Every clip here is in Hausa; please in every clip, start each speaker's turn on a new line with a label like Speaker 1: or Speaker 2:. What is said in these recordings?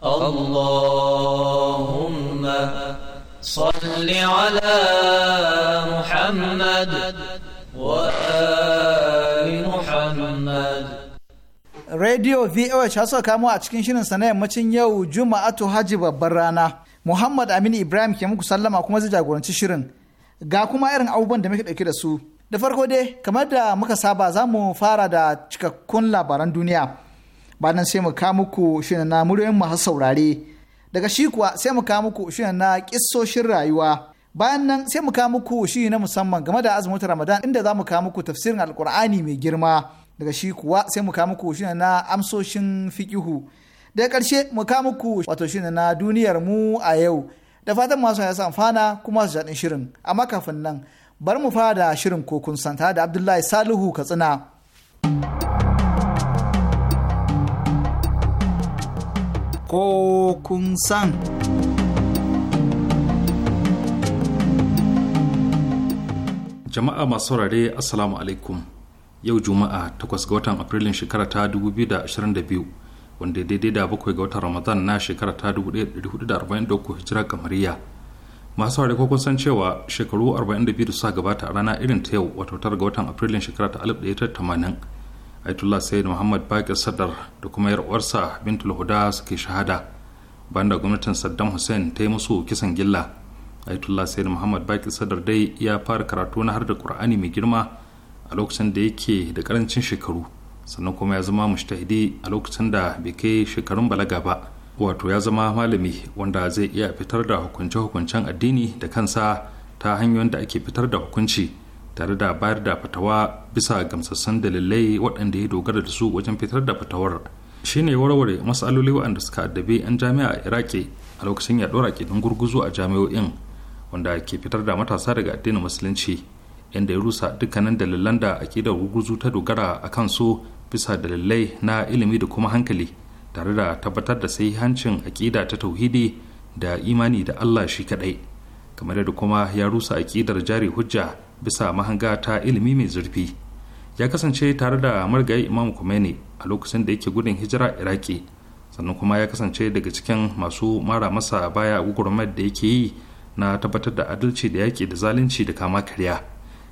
Speaker 1: اللهم صل
Speaker 2: على محمد وآل محمد
Speaker 3: Radio VOH ya sauka mu a cikin shirin sa na yammacin yau Juma'atu Hajji babbar rana. Muhammad Aminu Ibrahim ke muku sallama kuma zai jagoranci shirin. Ga kuma irin abubuwan da muke ɗauke da su. Da farko dai, kamar da muka saba za mu fara da cikakkun labaran duniya. bayan sai mu kawo muku shirin na muryoyin masu saurare daga shi kuwa sai mu kawo muku shirin na kissoshin rayuwa bayan nan sai mu kawo muku shiri na musamman game da azumin ramadan inda za mu kawo muku tafsirin alkur'ani mai girma daga shi kuwa sai mu kawo muku shirin na amsoshin fikihu daga karshe mu kawo muku wato shirin na duniyar mu a yau da fatan masu ya amfana kuma su jaɗin shirin amma kafin nan bar mu fara da shirin kokun santa da abdullahi salihu katsina ko kun san.
Speaker 4: Jama'a masu saurare Assalamu alaikum yau Juma'a 8 ga watan Afrilun shekara ta 2022 wanda daidai da bakwai ga watan Ramadan na shekara ta 1443 hijira kamariya. Masu saurare ko kun san cewa shekaru 42 da suka gabata a rana irin ta yau wato tara ga watan Afrilun shekara ta 1980 Aitullah Sayyid Muhammad Baqir Sadar da kuma yar uwarsa Bintul Huda suke shahada da gwamnatin Saddam Hussein ta yi musu kisan gilla. Aitullah Sayyid Muhammad Baqir Sadar dai ya fara karatu na har da Qur'ani mai girma a lokacin da yake da karancin shekaru sannan kuma ya zama mushtahidi a lokacin da bai kai shekarun balaga ba wato ya zama malami wanda zai iya fitar da hukunce-hukuncen addini da kansa ta hanyoyin da ake fitar da hukunci. tare da bayar da fatawa bisa gamsassan dalilai waɗanda ya dogara da su wajen fitar da fatawar shine warware matsaloli waɗanda suka addabi 'yan jami'a a iraki a lokacin yaɗuwar aƙidin gurguzu a jami'o'in wanda ke fitar da matasa daga addinin musulunci inda ya rusa dukkanin dalilan da aƙidar gurguzu ta dogara a kan su bisa dalilai na ilimi da kuma hankali tare da tabbatar da sai hancin aƙida ta tauhidi da imani da allah shi kaɗai kamar da kuma ya rusa aƙidar jari hujja bisa mahanga ta ilimi mai zurfi ya kasance tare da margayi imam Khomeini a lokacin da yake gudun hijira iraki sannan kuma ya kasance daga cikin masu mara masa baya a da yake yi na tabbatar da adalci da yaƙi da zalunci da kama karya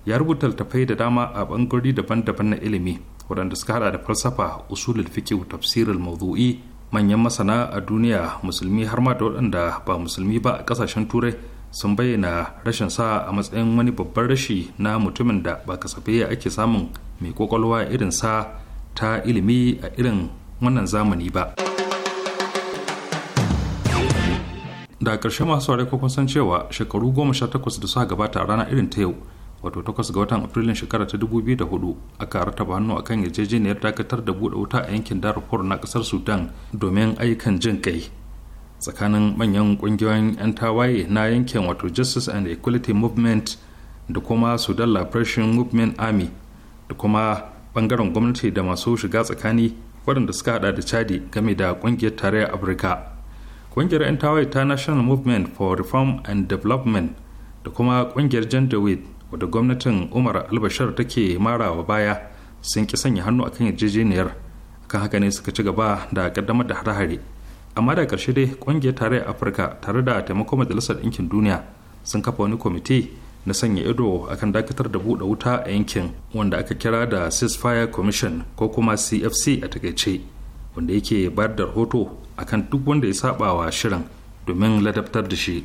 Speaker 4: ya rubuta littattafai da dama a bangarori daban-daban na ilimi waɗanda suka hada da falsafa usulul fiqh tafsirul mawdu'i manyan masana a duniya musulmi har ma da waɗanda ba musulmi ba a ƙasashen turai sun bayyana rashin sa a matsayin wani babban rashi na mutumin da ba kasafe ake samun mai kwakwalwa irin sa ta ilimi a irin wannan zamani ba da ƙarshe masu ware kwakwan san cewa shekaru goma sha takwas da suka gabata a rana irin ta yau wato takwas ga watan afrilun shekara ta dubu biyu da hudu aka rataba hannu akan yarjejeniyar dakatar da buɗe wuta a yankin darfur na ƙasar sudan domin ayyukan jin kai tsakanin manyan kungiyoyin 'yan tawaye na yankin wato justice and equality movement da kuma sudan liberation movement army da kuma bangaren gwamnati da masu shiga tsakani waɗanda suka hada da chadi game da kungiyar tarayyar afirka kungiyar 'yan tawaye ta national movement for reform and development da kuma kungiyar jandawid wadda gwamnatin umar albashar take marawa baya sun ƙi sanya hannu akan yarjejeniyar kan haka ne suka ci gaba da kaddamar da hare-hare amma da ƙarshe dai ƙungiyar tarayyar afirka tare da taimakon majalisar ɗinkin duniya sun kafa wani kwamiti na sanya ido akan dakatar da buɗe wuta a yankin wanda aka kira da ceasefire commission ko kuma cfc a takaice wanda yake bayar da rahoto akan duk wanda ya saba wa shirin domin ladabtar da shi.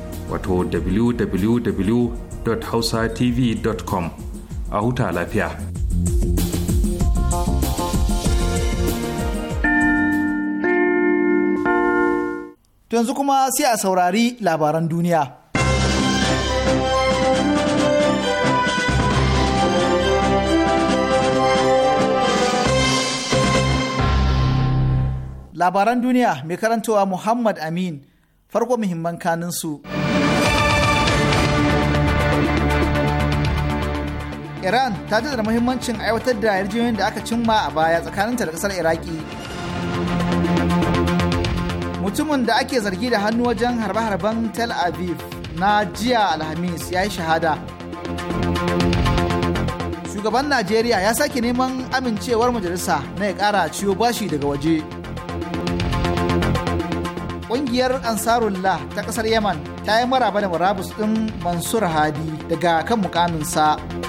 Speaker 4: wato www.hausatv.com a huta lafiya.
Speaker 3: To yanzu kuma sai a saurari labaran duniya. Labaran duniya mai karantowa Muhammad Amin farko muhimman kaninsu. su. iran ta jaddada muhimmancin aiwatar da yarjejeniyar da aka cimma a baya tsakaninta da kasar iraki mutumin da ake zargi da hannu wajen harbe-harben tel aviv na jiya alhamis ya yi shahada shugaban najeriya ya sake neman amincewar majalisa na ya kara ciwo bashi daga waje ƙungiyar ansarullah ta ƙasar yaman ta yi maraba da murabus ɗin mansur hadi daga kan mukaminsa. sa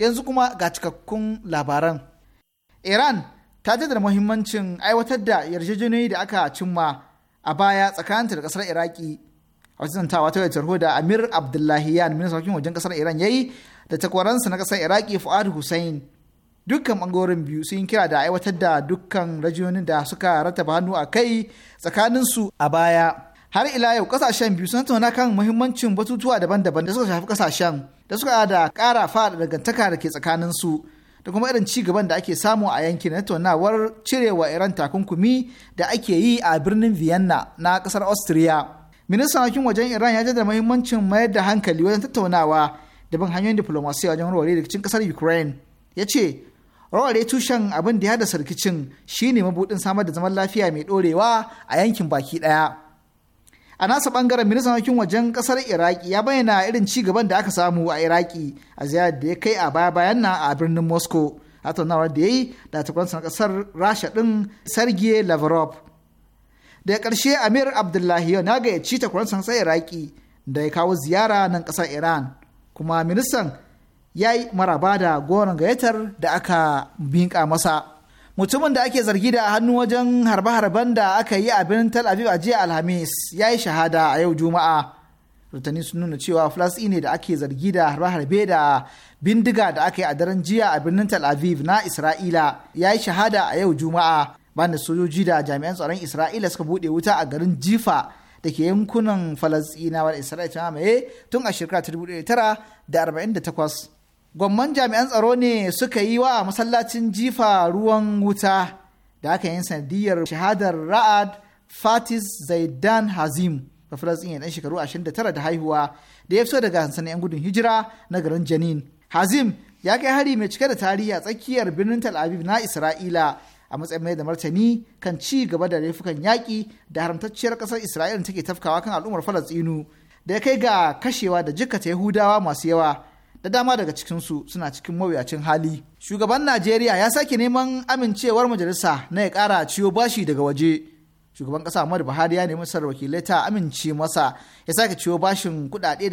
Speaker 3: yanzu kuma ga cikakkun labaran iran ta jaddada muhimmancin aiwatar da yarjejeniyoyi da aka cimma a baya tsakaninta da kasar iraki a wajen tawa ta da amir abdullahiyan ministan harkokin wajen kasar iran ya yi da takwaransa na kasar iraki fuad hussein dukkan bangarorin biyu sun kira da aiwatar da dukkan rajiyonin da suka rattaba hannu a kai tsakanin su a baya har ila yau kasashen biyu sun tattauna kan muhimmancin batutuwa daban-daban da suka shafi kasashen da suka da ƙara faɗa dangantaka da ke tsakanin su da kuma irin ci gaban da ake samu a yankin na tattaunawar cirewa iran takunkumi da ake yi a birnin vienna na ƙasar austria ministan harkokin wajen iran ya jaddada muhimmancin mayar da hankali wajen tattaunawa da bin hanyoyin diplomasiya wajen warware rikicin ƙasar ukraine ya ce rawar tushen abin da ya hadasa rikicin shine mabudin samar da zaman lafiya mai dorewa a yankin baki daya a nasa bangaren ministan harkokin wajen kasar iraki ya bayyana irin ci gaban da aka samu a iraki a ziyarar da ya kai a baya bayan nan a birnin moscow a tattaunawar da ya yi da takwaransa na kasar rasha din sergey lavrov ya karshe amir abdullahi na gayyaci takwaransa na iraki da ya kawo ziyara nan kasar iran kuma ministan ya yi maraba da goron gayyatar da aka binka masa. mutumin da ake zargi da hannu wajen harbe-harben da aka yi a birnin Tel Aviv a jiya Alhamis ya yi shahada a yau Juma'a. Rutani sun nuna cewa Falasɗi ne da ake zargi da harbe-harbe da bindiga da aka yi a daren jiya a birnin Tel Aviv na Isra'ila ya yi shahada a yau Juma'a. da sojoji da jami'an tsaron Isra'ila suka buɗe wuta a garin Jifa da ke yankunan Falasɗinawa da Isra'ila ta mamaye tun a shekara 1948. gwamman jami'an tsaro ne suka yi wa masallacin jifa ruwan wuta da aka yi sanadiyar shahadar ra'ad fatis zaidan hazim da falastin yan shekaru 29 da haihuwa da ya fito daga sansanin 'yan gudun hijira na garin janin hazim ya kai hari mai cike da tarihi a tsakiyar birnin tel aviv na isra'ila a matsayin mai da martani kan ci gaba da laifukan yaƙi da haramtacciyar ƙasar isra'ila take tafkawa kan al'ummar falastinu da ya kai ga kashewa da jikkata yahudawa masu yawa da dama daga cikinsu suna cikin mawuyacin hali. Shugaban Najeriya ya sake neman amincewar majalisa na ya kara ciwo bashi daga waje. Shugaban kasa Muhammadu Buhari ya nemi sarar wakilai ta amince masa ya sake ciwo bashin kuɗaɗe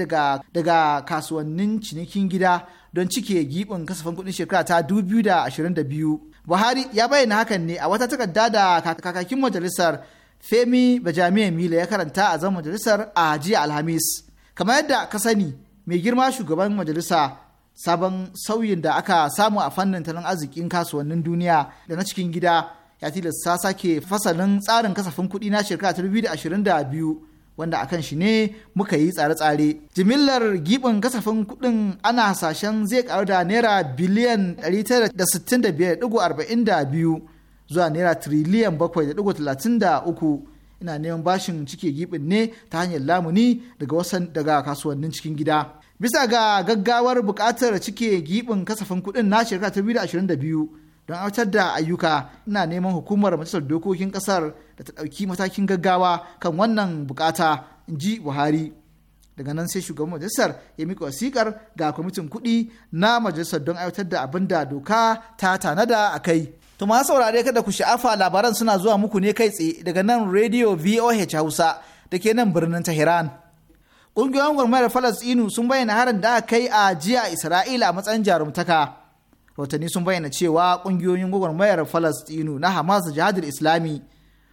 Speaker 3: daga, kasuwannin cinikin gida don cike giɓin kasafin kuɗin shekara ta 2022. Buhari ya bayyana hakan ne a wata takarda da kakakin majalisar Femi Bajamiya Mila ya karanta a zan majalisar a jiya Alhamis. Kamar yadda ka sani, mai girma shugaban majalisa sabon sauyin da aka samu a fannin talon arzikin kasuwannin duniya da na cikin gida ya tilasta sake fasalin tsarin kasafin kuɗi na shekara ta 2022 wanda akan shi ne muka yi tsare-tsare. Jimillar gibin kasafin kuɗin ana hasashen zai karu da naira biliyan 965.42 zuwa naira tiriliyan 7.33 ina neman bashin cike gibin ne ta hanyar lamuni daga wasan daga kasuwannin cikin gida bisa ga gaggawar bukatar cike gibin kasafin kuɗin na shekara ta 2022 don aiwatar da ayyuka ina neman hukumar majalisar dokokin ƙasar da ta ɗauki matakin gaggawa kan wannan bukata in ji buhari daga nan sai shugaban majalisar ya miƙa wasikar ga kwamitin kuɗi na majalisar don aiwatar da abin da doka ta tanada a kai To ma saurare kada ku sha'afa labaran suna zuwa muku ne kai tsaye daga nan Radio VOH Hausa da ke nan birnin Tehran. Ƙungiyoyin gwamnatin Falasɗinu sun bayyana harin da aka kai a jiya Isra'ila a matsayin jarumtaka. Watanni sun bayyana cewa ƙungiyoyin gwamnatin Falasɗinu na Hamas da Jihadar Islami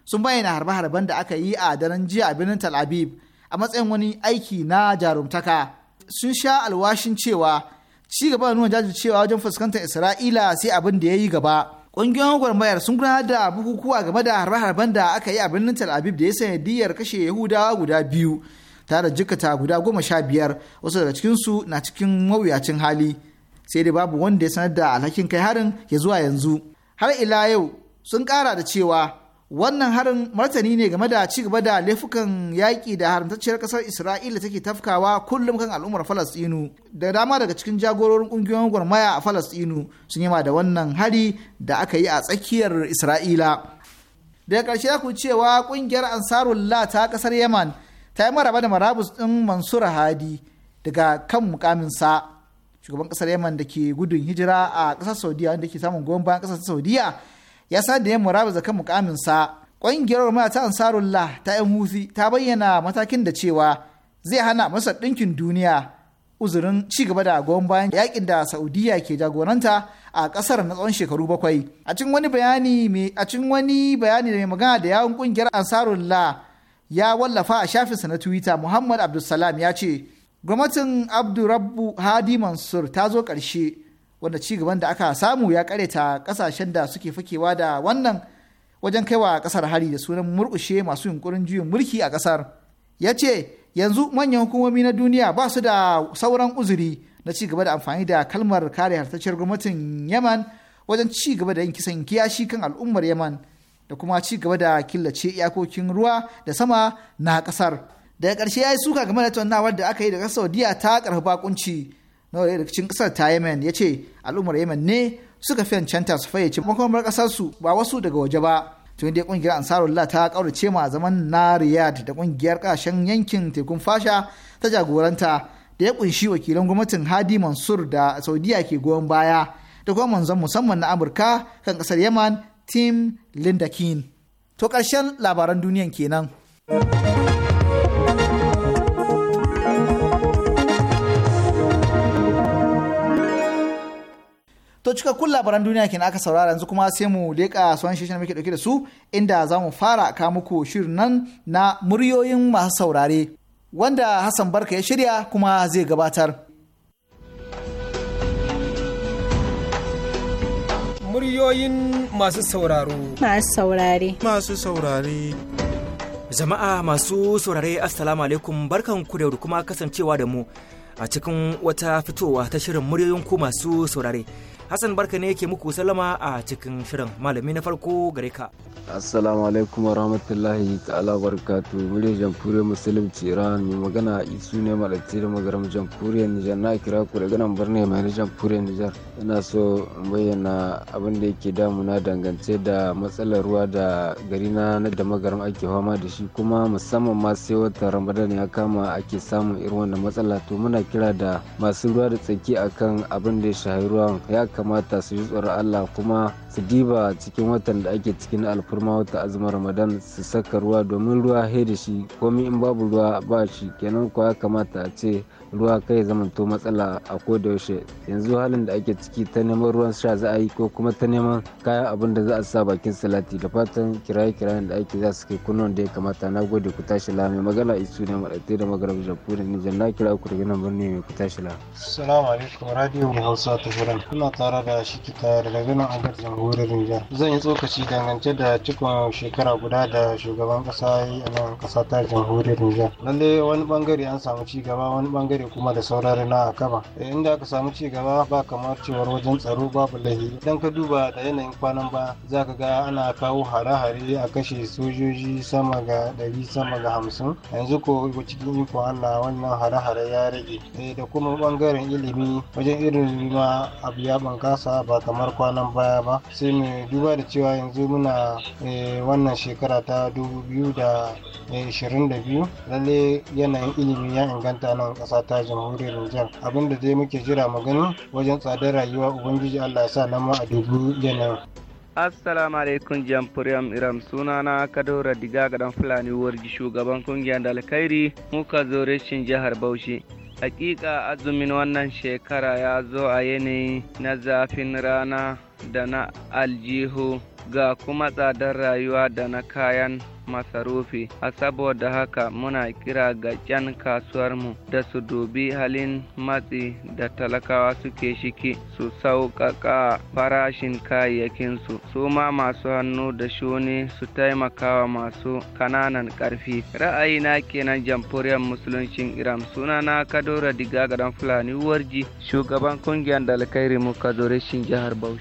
Speaker 3: sun bayyana harbe-harben da aka yi a daren jiya a birnin Tel Aviv a matsayin wani aiki na jarumtaka. Sun sha alwashin cewa ci gaba da nuna jajircewa wajen fuskantar Isra'ila sai abin da ya yi gaba. ƙungiyoyin gwarmayar sun gudanar da bukukuwa game da harbe-harben da aka yi a birnin tel aviv da ya sanadiyar kashe yahudawa guda biyu tare jikata guda goma sha biyar wasu daga cikinsu na cikin mawuyacin hali sai dai babu wanda ya sanar da alhakin kai harin ya zuwa yanzu har ila yau sun kara da cewa wannan harin martani ne game da ci gaba da laifukan yaƙi da haramtacciyar ƙasar isra'ila take tafkawa kullum kan al'ummar falastinu da dama daga cikin jagororin ƙungiyoyin gwarmaya a falastinu sun ma da wannan hari da aka yi a tsakiyar isra'ila daga ƙarshe ku cewa ƙungiyar ansarullah ta ƙasar yaman ta yi maraba da marabus ɗin Mansurahadi hadi daga kan mukaminsa shugaban ƙasar yaman da ke gudun hijira a ƙasar saudiya wanda ke samun goyon bayan ƙasar saudiya ya sa da ya murabaza kan mukaminsa ƙungiyar maya ta ansarullah ta yan husi ta bayyana matakin da cewa zai hana masa ɗinkin duniya uzurin ci gaba da goyon bayan yakin da saudiya ke jagoranta a ƙasar na tsawon shekaru bakwai a cikin wani bayani mai a cikin wani bayani da mai magana da ƙungiyar ƙungiyar ansarullah ya wallafa a shafinsa na twitter muhammad abdulsalam ya ce gwamnatin abdurabbu hadi mansur ta zo ƙarshe wanda cigaban da aka samu ya kareta kasashen da suke fakewa da wannan wajen kaiwa kasar hari da sunan murkushe masu yunkurin juyin mulki a kasar ya ce yanzu manyan hukumomi na duniya ba su da sauran uzuri na ci gaba da amfani da kalmar kare hartacciyar gwamnatin yaman wajen ci gaba da yin kisan kiyashi kan al'ummar yaman da kuma ci gaba da killace iyakokin ruwa da sama na kasar daga ƙarshe ya yi suka game da tattaunawar da aka yi daga saudiya ta ƙarfi bakunci na wadda daga cikin kasar ta yemen ya ce al'ummar yemen ne suka fi cancanta su fayyace makamar kasar su ba wasu daga waje ba tun dai kungiyar ansarullah ta kaurace ma zaman na riyad da kungiyar kashen yankin tekun fasha ta jagoranta da ya kunshi wakilan gwamnatin hadi mansur da saudiya ke goyon baya da kuma manzon musamman na amurka kan kasar yaman tim lindakin to karshen labaran duniyan kenan. to cika kun labaran duniya kenan aka saurara yanzu kuma sai mu leƙa shi shirin muke dauke da su inda za mu fara ka muku shirin nan na muryoyin masu saurare wanda Hassan Barka ya shirya kuma zai gabatar.
Speaker 1: Muryoyin masu sauraro. Masu saurare. Masu saurare. Jama'a masu saurare Assalamu alaikum barkanku da kuma kasancewa da mu a cikin wata fitowa ta shirin muryoyin ku masu saurare. Hassan barka ne yake muku salama a cikin shirin malami na farko gare ka.
Speaker 5: Assalamu alaikum wa rahmatullahi ta'ala barakatu mure jamhuriyar musulun Iran mai magana isu ne malatti da magaram jamhuriyar Nijar na kira ku daga nan birni mai na jamhuriyar Nijar. Ina so bayyana abin da yake damuna dangance da matsalar ruwa da gari na da magaram ake fama da shi kuma musamman ma sai wata Ramadan ya kama ake samun irin wannan matsala to muna kira da masu ruwa da tsaki akan abin da ya shahi ruwan ya kamata su yi tsoron Allah kuma su diba cikin watan da ake cikin alfurma wata azumin Ramadan su saka ruwa domin ruwa he da shi komi in babu ruwa ba shi kenan kuwa kamata a ce ruwa kai zamanto matsala a koda yaushe yanzu halin da ake ciki ta neman ruwan sha za a yi ko kuma ta neman kayan abin da za a sa bakin salati da fatan kiraye kirayen da ake za su kai kunan da ya kamata na gode ku tashi la mai magana isu ne maɗaɗe da magarar jamhuriyar ni na kira ku daga nan birni mai ku tashi la.
Speaker 6: assalamu alaikum radio mai hausa ta shirin kuna tare da shi kita da ganin agar jamhuriyar nijar zan yi tsokaci dangance da cikon shekara guda da shugaban kasa yi a nan kasa ta jamhuriyar nijar lallai wani bangare an samu ci gaba wani bangare ne kuma da saurari na kaba eh, inda aka samu ci gaba ba kamar cewa wajen tsaro babu lahi idan ka duba da yanayin kwanan ba za ka ga ana kawo hare-hare a kashe sojoji sama ga ɗari sama ga hamsin yanzu ko cikin iko allah wannan hare-hare ya rage eh, da kuma bangaren ilimi wajen irin ma abu ya bankasa ba kamar kwanan baya ba sai mai duba da cewa yanzu muna eh, wannan shekara ta biyu. lalle yanayin ilimi ya inganta nan ƙasa ta ta jamhuriyar Nijar. Abin da dai muke jira mu gani wajen tsadar rayuwa Ubangiji Allah ya sa nama a dubu yanayin. assalamu alaikum jamfuriyam iram sunana kadora diga gadan fulani Warji shugaban kungiyar da alkhairi muka zo rashin jihar bauchi hakika azumin wannan shekara ya zo a yanayi na zafin rana da na aljihu ga kuma tsadar rayuwa da na kayan masarufi a saboda haka muna kira ga kasuwar kasuwarmu da su dubi halin matsi da talakawa suke shiki su sauƙaƙa farashin kayayyakinsu su ma masu hannu da shuni su taimakawa masu ƙananan ƙarfi ra'ayina kenan jamhuriyar musuluncin iran sunana kadora diga ɗan fulani warji shugaban kungiyar muka rimu kazorishin
Speaker 1: jihar bauchi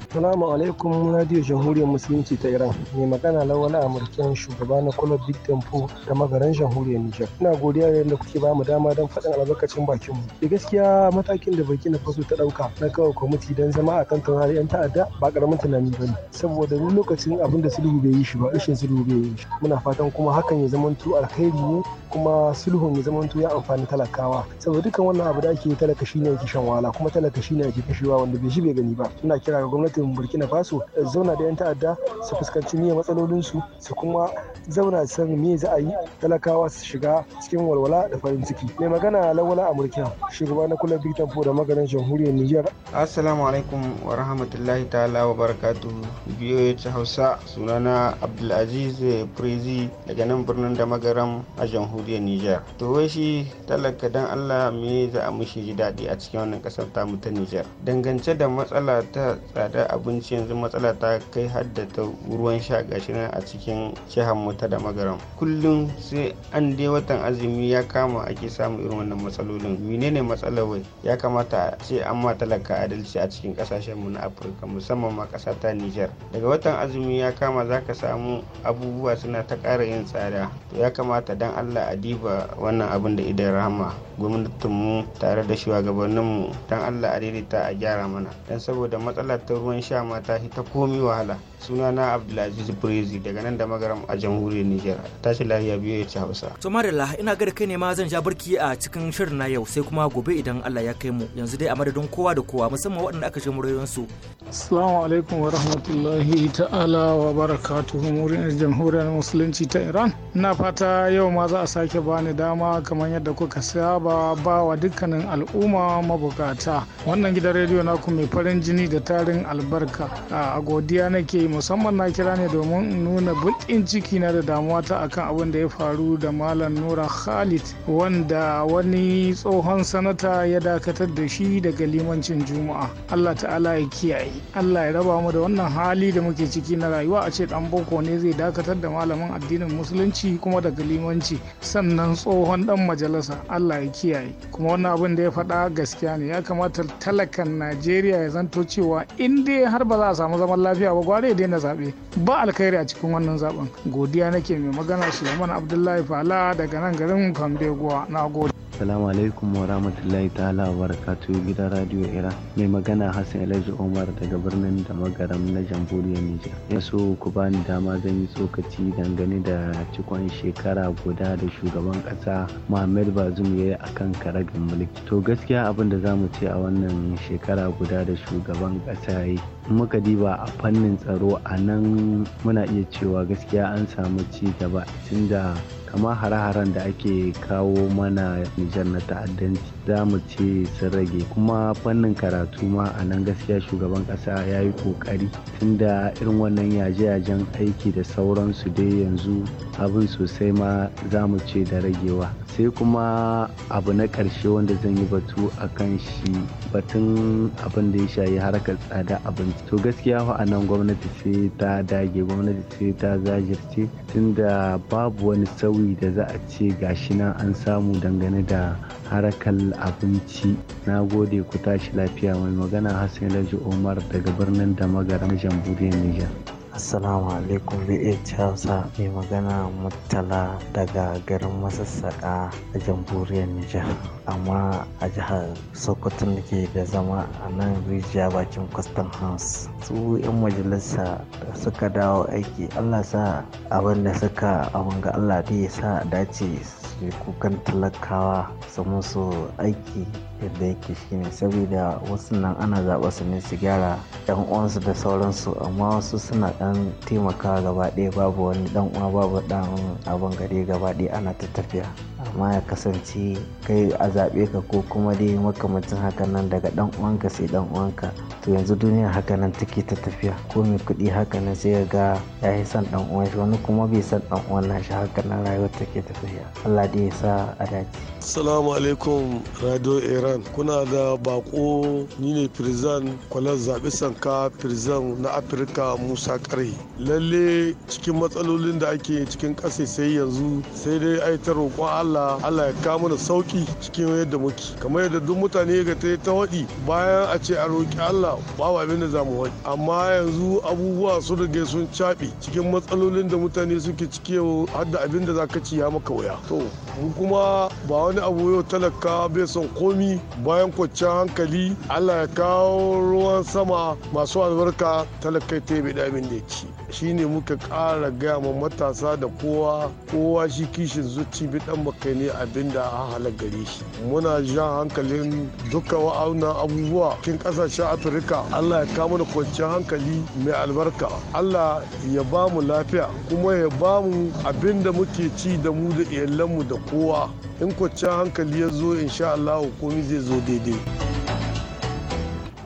Speaker 5: Assalamu alaikum Radio Jamhuriyar Musulunci ta Iran. Mai magana lawala Amurken shugaba na Club Big Tempo da magaran
Speaker 7: Jamhuriyar Nijar. Ina godiya da yadda kuke bamu dama don faɗin albarkacin bakin mu.
Speaker 4: Da gaskiya matakin
Speaker 7: da Burkina Faso ta ɗauka na kawo kwamiti don zama a kan 'yan ta'adda ba karamin tunani ba ne. Saboda wani lokacin abin da sulhu bai yi shi ba, rashin sulhu bai yi shi. Muna fatan kuma hakan ya zamanto alkhairi ne kuma sulhun ya zamanto ya amfani talakawa. Saboda dukkan wannan abu da ake talaka shine yake shan wahala kuma talaka shine yake kashewa wanda bai shi bai gani ba. Ina kira ga gwamnati gwamnatin burkina faso zauna da 'yan ta'adda su fuskanci miya matsalolinsu su kuma zauna san me za a yi talakawa su shiga cikin walwala da farin ciki mai magana lawala a burkina shugaba na kula big tempo da maganin jamhuriyar niger
Speaker 6: assalamu alaikum wa rahmatullahi ta'ala wa barakatuhu biyo ta hausa sunana abdulaziz prezi daga nan birnin da magaram a jamhuriyar niger to wai shi talaka dan allah me za a mushi ji daɗi a cikin wannan ƙasar tamu ta niger dangance da matsala ta tsada abinci yanzu matsala ta kai haddata ruwan sha gashi nan a cikin jihar mu ta da magaram kullum sai an dai watan azumi ya kama ake samun irin wannan matsalolin menene matsalar wai ya kamata ce an ma talaka adalci a cikin kasashen mu na afirka musamman ma kasa ta niger daga watan azumi ya kama zaka samu abubuwa suna ta kara yin tsada ya kamata dan allah a diba wannan abin da idan rahama gwamnatinmu tare da shugabanninmu dan allah a daidaita a gyara mana dan saboda matsalar ta ruwan sha mata ta komi wahala suna na abdulaziz brezi daga nan da magaram a jamhuriyar niger tashi lahiya biyu ya ci hausa
Speaker 1: to marilla ina ga kai ne ma zan ja barki a cikin shirin na yau sai kuma gobe idan allah ya kai mu yanzu dai a madadin kowa da kowa musamman waɗanda aka je murayen su
Speaker 8: assalamu alaikum wa rahmatullahi ta'ala wa barakatuhu muryar jamhuriyar musulunci ta iran
Speaker 1: ina fata
Speaker 8: yau ma za a sake bani dama kamar yadda kuka saba ba wa dukkanin al'umma mabukata wannan gidan rediyo naku mai farin jini da tarin albarka albarka a godiya nake ke musamman na kira ne domin in nuna bukin ciki na da damuwa ta akan abin da ya faru da malam nura khalid wanda wani tsohon sanata ya dakatar da shi daga limancin juma'a allah ta'ala ya kiyaye allah ya raba mu da wannan hali da muke ciki na rayuwa a ce dan boko ne zai dakatar da malamin addinin musulunci kuma daga limanci sannan tsohon dan majalisa allah ya kiyaye kuma wannan abin da ya faɗa gaskiya ne ya kamata talakan najeriya ya zanto cewa inda dai har ba za a samu zaman lafiya ba ya daina zaɓe ba alkhairi a cikin wannan zaɓen godiya nake mai magana suleiman abdullahi fala daga nan garin fambeguwa na gode
Speaker 2: Assalamu alaikum wa rahmatullahi ta'ala wa barakatuhu gidan Radio Iran. Mai magana Hassan Alhaji Omar daga birnin da magaram na jamhuriyar Nijar. Ya so ku bani dama zan yi tsokaci dangane da cikon shekara guda da shugaban kasa Muhammad Bazoum ya yi akan karagan mulki. To gaskiya abin da za mu ce a wannan shekara guda da shugaban kasa yi. Muka diba a fannin tsaro a nan muna iya cewa gaskiya an samu ci gaba tunda kama hare-haren da ake kawo mana nijar na ta'addanci za mu ce sun rage kuma fannin karatu ma a nan gaskiya shugaban kasa ya yi kokari tunda irin wannan yaje-yajen aiki da sauransu dai yanzu abin sosai ma za mu ce da ragewa sai kuma abu na ƙarshe wanda zan yi batu a kan shi batun abin da ya shayi harkar tsada abinci to gaskiya fa a nan gwamnati sai ta dage gwamnati sai ta zajirce tunda babu wani sauyi da za a ce gashi nan an samu dangane da harkar abinci na gode ku tashi lafiya mai magana hassan laji umar daga birnin damagara na jamhuriyar nijar Assalamu alaikum VH Hausa mai magana Murtala daga garin
Speaker 1: Masassaƙa a jamhuriyar Nijar. Amma a jihar Sokoto nake da zama a nan rijiya bakin Kwastam House. Su 'yan majalisa da suka dawo aiki Allah sa abin da suka abin ga Allah da ya sa dace su kukan talakawa su musu aiki yadda yake ne saboda wasu nan ana zaɓa su ne su gyara yan uwansu da sauransu amma wasu suna ɗan taimakawa gaba ɗaya babu wani ɗan uwa babu ɗan abin gari gaba ɗaya ana ta tafiya amma ya kasance kai a zaɓe ka ko kuma dai makamancin haka nan daga ɗan uwanka sai ɗan uwanka to yanzu duniya haka nan take ta tafiya ko mai kuɗi haka nan sai ga ya yi son ɗan uwan wani kuma bai son ɗan uwan nashi haka nan rayuwar take tafiya Allah dai ya sa a dace
Speaker 9: Assalamu alaikum Radio Iran. Kuna da bako ni ne Firzan kwalar zaɓi sanka Firzan na Afirka Musa Kare. Lalle cikin matsalolin da ake cikin ƙasa sai yanzu sai dai ai ta roƙon Allah Allah ya kawo mana sauki cikin yadda muke. Kamar yadda duk mutane ga ta ta waɗi bayan a ce a roƙi Allah babu abin da za mu waɗi. Amma yanzu abubuwa sun rage sun caɓe cikin matsalolin da mutane suke ciki yau har da abin da za ka ci ya maka wuya. To mu kuma ba wani abu yau talaka bai son komi bayan kwanciyar hankali allah ya kawo ruwan sama masu albarka talakai ta yi da da ya ci shine muka ƙara gaya ma matasa da kowa kowa shi kishin zuci bi dan makai ne abinda a halar gare shi muna jan hankalin duka wa'aunan abubuwa cikin ƙasashen afirka allah ya kama da kwanciyar hankali mai albarka allah ya ba mu lafiya kuma ya ba mu abinda muke ci da mu da iyalanmu da kowa in kwanciyar hankali ya zo insha allah komi zai zo daidai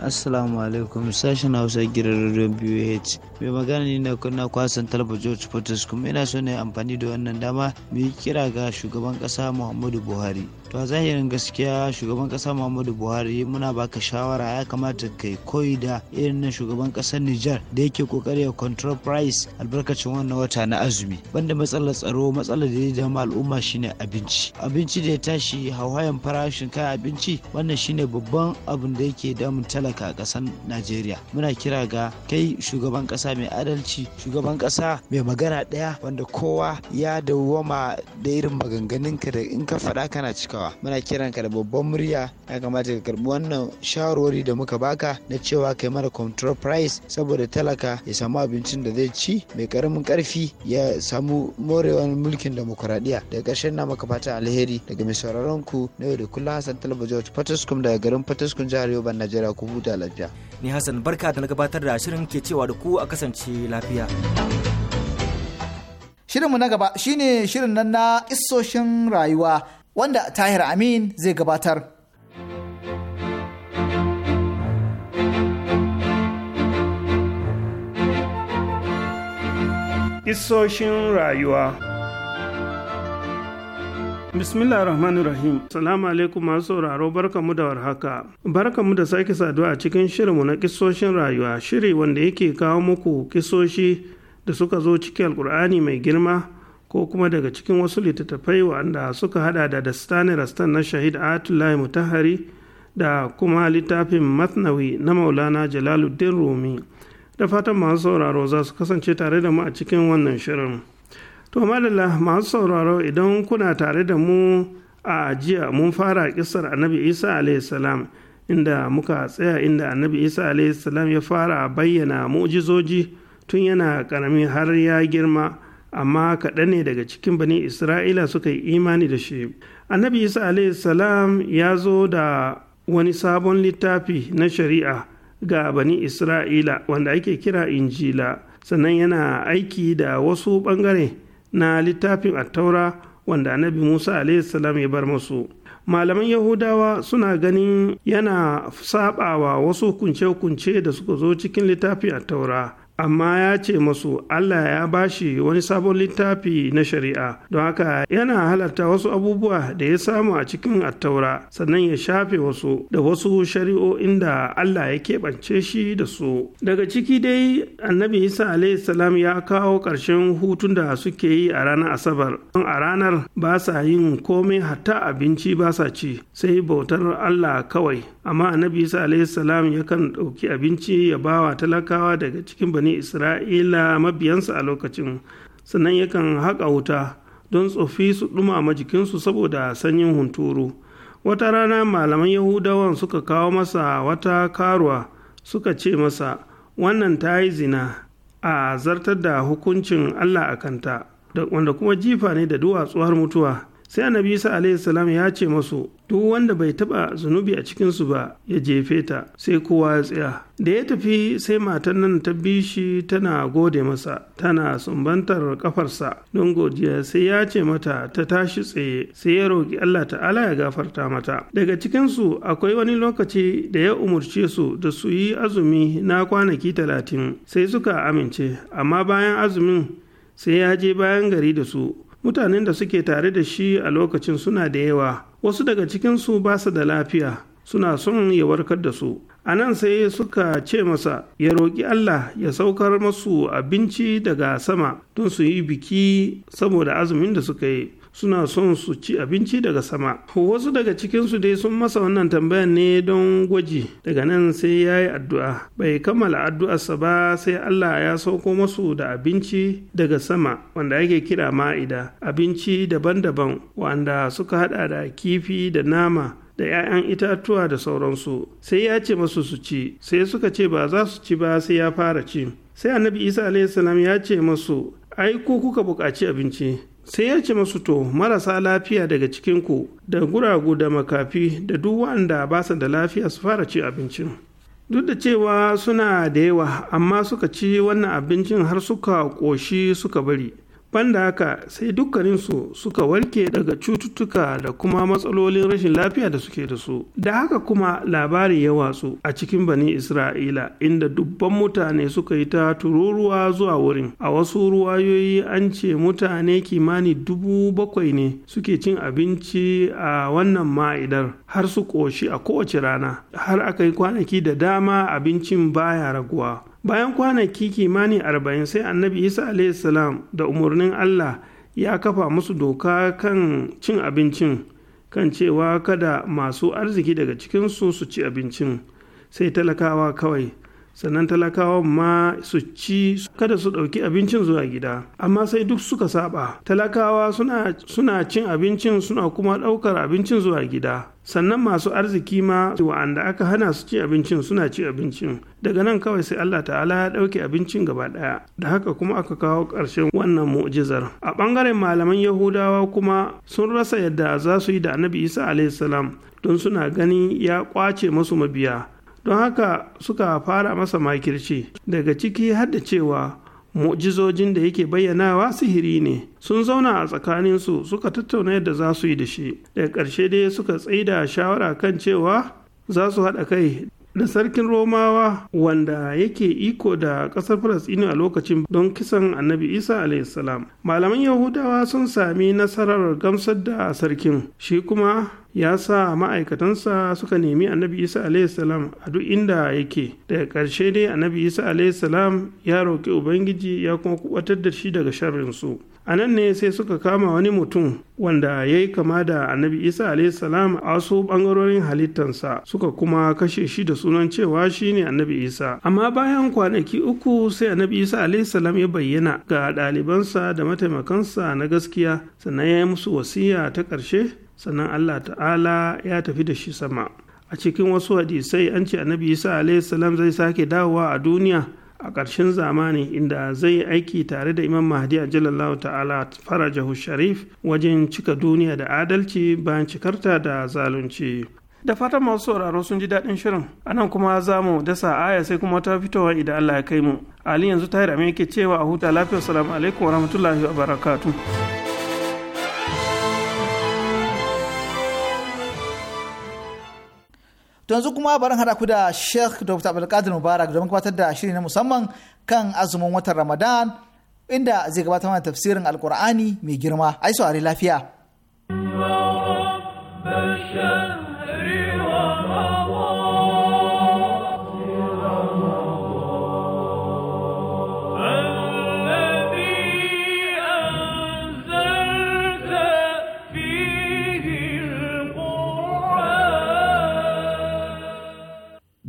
Speaker 10: assalamu alaikum sashen hausa gidan radio bh mai magana ne na kwasan talba george portis kuma ina so ne amfani da wannan dama mu yi kira ga shugaban kasa muhammadu buhari to a zahirin gaskiya shugaban kasa muhammadu buhari muna baka shawara ya kamata kai koyi da irin na shugaban kasar Nijar da yake kokari ya control price albarkacin wannan wata na azumi banda matsalar tsaro matsalar da ya dama al'umma shine abinci abinci da ya tashi hawayen farashin kayan abinci wannan shine babban abin da yake damun talaka a kasar najeriya muna kira ga kai shugaban kasa ƙasa mai adalci shugaban kasa mai magana ɗaya wanda kowa ya dawwama da irin maganganunka da in ka faɗa kana cikawa muna kiran ka da babban murya ya kamata ka karbi wannan shawarwari da muka baka na cewa kai mana control price saboda talaka ya samu abincin da zai ci mai karamin karfi ya samu morewan mulkin demokuraɗiyya daga ƙarshen na maka fata alheri daga mai sauraron ku na yau da kullum hassan talaba george fataskum daga garin fataskum jihar yoruba najeriya ku huta lafiya
Speaker 1: ni hassan barka da na gabatar da shirin ke cewa da ku a kasance
Speaker 3: lafiya. Shirinmu na gaba shine shirin nan na isoshin rayuwa wanda Tahir Amin zai gabatar.
Speaker 11: Isoshin rayuwa Bismillah rahman rahim Salamu alaikum masu sauraro barkamu da warhaka. Barkamu da sake saduwa a cikin shirinmu na kisoshin rayuwa shiri wanda yake kawo muku kisoshi da suka zo cikin alkur'ani mai girma ko kuma daga cikin wasu littattafai wanda suka hada da Dastani Rastan na Shahid Atullahi Mutahari da kuma littafin Matnawi na Maulana Jalaluddin Rumi. Da fatan masu sauraro za su kasance tare da mu a cikin wannan shirin. to madalla masu sauraro idan kuna tare da mu a jiya mun fara kisar annabi isa salam inda muka tsaya inda annabi isa salam ya fara bayyana mu'jizoji tun yana karami har ya girma amma kaɗan ne daga cikin bani isra'ila suka yi imani da shi annabi isa salam ya zo da wani sabon littafi na shari'a ga bani isra'ila wanda ake kira injila sannan yana aiki da wasu ɓangare na littafin attaura wanda annabi musa salam ya bar masu malaman yahudawa suna ganin yana saɓawa wasu hukunce-hukunce da suka zo cikin littafin attaura amma ya ce masu Allah ya bashi wani sabon littafi na shari'a don haka yana halarta wasu abubuwa da ya samu a cikin attaura sannan ya shafe wasu da wasu shari'o'in da Allah ya keɓance shi da su daga ciki dai annabi isa salam ya kawo ƙarshen hutun da suke yi a ranar asabar don a ranar ba sa yin komai hatta abinci ba sa ci sai bautar Allah kawai amma annabi isa alaihi salam yakan ɗauki abinci ya bawa talakawa daga cikin bani isra'ila mabiyansa a lokacin sannan yakan haƙa wuta don tsofi su ɗumama jikinsu saboda sanyin hunturu wata rana malaman yahudawan suka kawo masa wata karuwa suka ce masa wannan ta yi zina a zartar da hukuncin allah a kanta wanda kuma jifa ne da duwatsuwar mutuwa sai annabi isa salam ya ce masu duk wanda bai taba zunubi a cikinsu ba ya jefe ta sai kowa ya tsaya da ya tafi sai matan nan ta bi shi tana gode masa tana sumbantar kafarsa don godiya sai ya ce mata ta tashi tsaye sai ya roƙi allah ta'ala ya gafarta mata daga cikinsu akwai wani lokaci da ya umarce su da su yi azumi na kwanaki talatin sai suka amince amma bayan azumin sai ya je bayan gari da su mutanen da suke tare da shi a lokacin suna da yawa wasu daga cikinsu ba su da lafiya suna son ya warkar da su a nan sai suka ce masa ya roƙi Allah ya saukar masu abinci daga sama don su yi biki saboda azumin da suka yi suna son su ci abinci daga sama wasu daga cikinsu dai sun masa wannan tambayan ne don gwaji daga nan sai ya yi addu'a bai kammala addu'arsa ba sai allah ya sauko masu da abinci daga sama wanda ake kira ma'ida abinci daban-daban wanda suka hada da kifi da nama da 'ya'yan itatuwa da sauransu sai ya ce masu su ci sai suka ce ba za su ci ba sai ya fara ci sai annabi isa a.s. ya ce masu ai ku kuka buƙaci abinci sai ya ce masu to marasa lafiya daga cikinku da guragu da makafi da duk wanda ba su da lafiya su fara ci abincin duk da cewa suna da yawa amma suka ci wannan abincin har suka ƙoshi suka bari banda haka sai dukkaninsu suka warke daga cututtuka da kuma matsalolin rashin lafiya da suke da su da haka kuma labari ya watsu a cikin bani isra'ila inda dubban mutane suka yi ta tururuwa zuwa wurin a wasu ruwayoyi an ce mutane kimani dubu bakwai ne suke cin abinci a wannan ma'idar har su koshi a kowace rana har aka yi kwanaki da dama abincin baya raguwa bayan kwanaki kimanin arba'in sai annabi isa salam da umarnin allah ya kafa musu doka kan cin abincin kan cewa kada masu arziki daga cikinsu su ci abincin sai talakawa kawai sannan talakawa ma su ci kada su ɗauki abincin zuwa gida amma sai duk suka saba talakawa suna, suna cin abincin suna kuma ɗaukar abincin zuwa gida sannan masu arziki ma wa'anda aka hana su ci abincin suna ci abincin daga nan kawai sai Allah ta'ala ya ɗauke abincin gaba ɗaya da haka kuma aka kawo ƙarshen wannan mu'jizar a ɓangaren malaman yahudawa kuma sun rasa yadda za su yi da annabi isa alaihissalam don suna gani ya ƙwace masu mabiya don haka suka fara masa makirci daga ciki har da cewa mu'jizojin da yake bayyanawa sihiri ne sun zauna a tsakaninsu suka tattauna yadda za su yi da shi daga ƙarshe dai suka tsaida shawara kan cewa za su haɗa kai da sarkin romawa wanda yake iko da ƙasar falasɗinu a lokacin don kisan annabi isa salam malaman yahudawa sun sami nasarar gamsar da sarkin shi kuma ya sa ma'aikatansa suka nemi annabi isa alaihissalam a duk inda yake daga ƙarshe dai annabi isa alaihissalam ya roƙi ubangiji ya kuma kubatar da shi daga sharrinsu a nan ne sai suka kama wani mutum wanda ya yi kama da annabi isa alaihissalam a wasu ɓangarorin halittansa suka kuma kashe shi da sunan cewa shi ne annabi isa amma bayan kwanaki uku sai annabi isa alaihissalam ya bayyana ga ɗalibansa da mataimakansa na gaskiya sannan ya yi musu wasiya ta ƙarshe sannan allah ta'ala ya tafi da shi sama a cikin wasu hadisai an ce annabi isa salam zai sake dawowa a duniya a ƙarshen zamani inda zai aiki tare da imam mahdi a jalallahu ta'ala farajahu sharif wajen cika duniya da adalci bayan cikarta da zalunci da fatan masu sauraro sun ji daɗin shirin anan kuma za mu dasa aya sai kuma ta fitowa idan allah ya kai mu ali yanzu ta tahir amin yake cewa a huta lafiya salamu alaikum wa barakatu.
Speaker 3: To yanzu kuma barin hada ku da Sheikh Dr. Abdulkadir Mubarak domin gabatar da shiri na musamman kan azumin watan Ramadan inda zai gabatar mana tafsirin Alkur'ani mai girma. Ai saurari lafiya.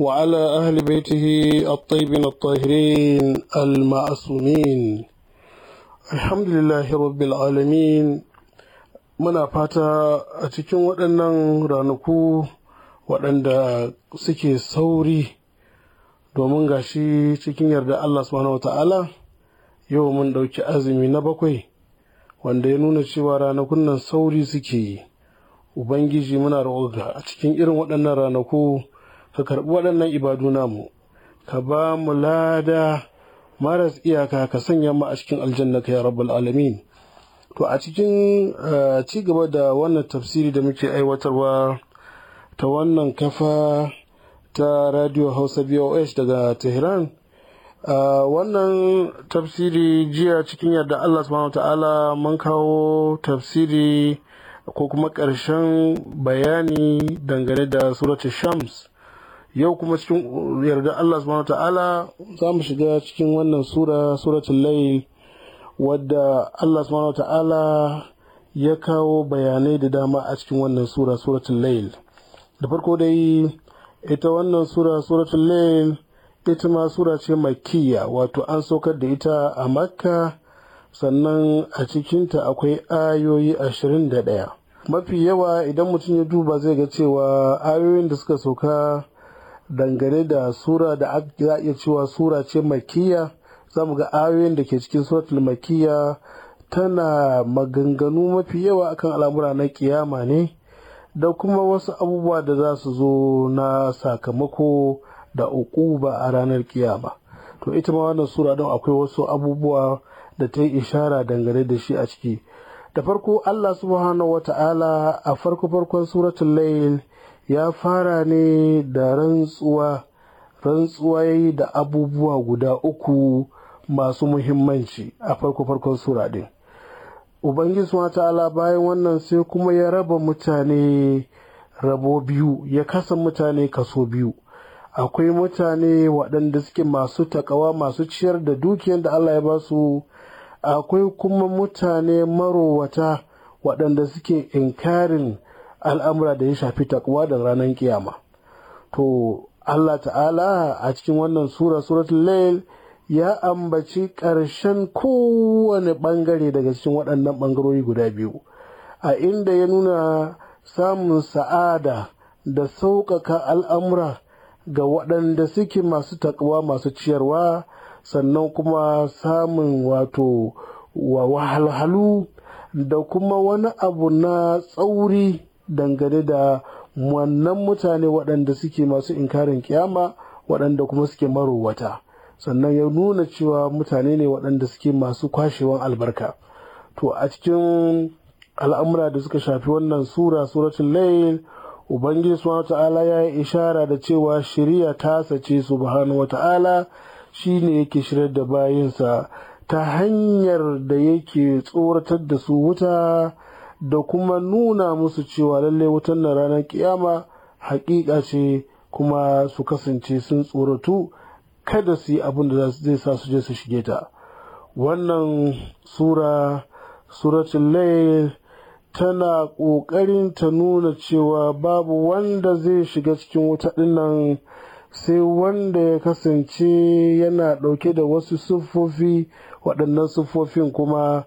Speaker 7: وعلى أهل بيته الطيبين الطاهرين المعصومين الحمد لله رب العالمين muna fata a cikin waɗannan ranaku waɗanda suke sauri domin gashi cikin yarda Allah subhanahu wata'ala yau mun ɗauki azumi na bakwai wanda ya nuna cewa ranakun nan sauri suke yi ubangiji muna roƙa a cikin irin waɗannan ranaku ka karɓi waɗannan ibadu namu ka ba mu lada maras iyaka ka sanya mu a cikin aljanna ka ya rabbal alamin to a cikin eh, ci gaba da wannan tafsiri da muke aiwatarwa ta wannan kafa ta radio hausa BOS daga tehran eh, wannan tafsiri jiya cikin yadda allah subhanahu ta'ala mun kawo tafsiri ko kuma ƙarshen bayani dangane da suratul shams yau kuma cikin yarda Allah subhanahu ta'ala za mu shiga cikin wannan sura suratul layl wadda Allah subhanahu ta'ala ya kawo bayanai da dama a cikin wannan sura suratul layl da farko dai ita wannan sura suratul layl ita ma sura ce makkiya wato an saukar da ita a makka sannan a cikinta akwai ayoyi ashirin da ɗaya mafi yawa idan mutum ya duba zai ga cewa ayoyin da suka sauka dangane da sura da za iya cewa sura ce makiya za mu ga ayoyin da ke cikin suratul makiya tana maganganu mafi yawa akan al'amura na kiyama ne da kuma wasu abubuwa da za su zo na sakamako da ba a ranar kiyama to ita ma wannan sura don akwai wasu abubuwa da ta yi ishara dangane da shi a ciki da farko allah subhanahu wa ta'ala a farko farkon suratul layl ya fara ne da rantsuwa rantsuwa ya yi da abubuwa guda uku masu muhimmanci a farko-farkon sura din ubangiji wa ta'ala bayan wannan sai kuma ya raba mutane rabo biyu ya kasa mutane kaso biyu akwai mutane waɗanda suke masu takawa masu ciyar da dukiyar da allah ya ba su akwai kuma mutane marowata waɗanda suke inkarin al'amura da ya shafi takwa da ranar kiyama to Allah ta'ala a cikin wannan sura suratul layl ya ambaci ƙarshen kowane ɓangare daga cikin waɗannan ɓangarori guda biyu a inda ya nuna samun sa'ada da sauƙaƙa al'amura ga waɗanda suke masu takwa masu ciyarwa sannan kuma samun wato wa wahalhalu da kuma wani abu na tsauri dangane da wannan mutane waɗanda suke masu inkarin kiyama waɗanda kuma suke marowata sannan ya nuna cewa mutane ne waɗanda suke masu kwashewan albarka to a cikin al'amura da suka shafi wannan sura suratun layin, ubangiji subhanahu ta'ala ya yi ishara da cewa shiriya ta sace subhanahu wa ta'ala shine yake shirar da bayinsa ta hanyar da yake tsoratar da su wuta da kuma nuna musu cewa lallai wutan na ranar kiyama hakika ce kuma su kasance sun tsoratu kada su yi abin da zai sa su je su shige ta wannan sura suratul tana ƙoƙarin ta nuna cewa babu wanda zai shiga cikin wuta dinnan sai wanda ya kasance yana ɗauke da wasu siffofi waɗannan siffofin kuma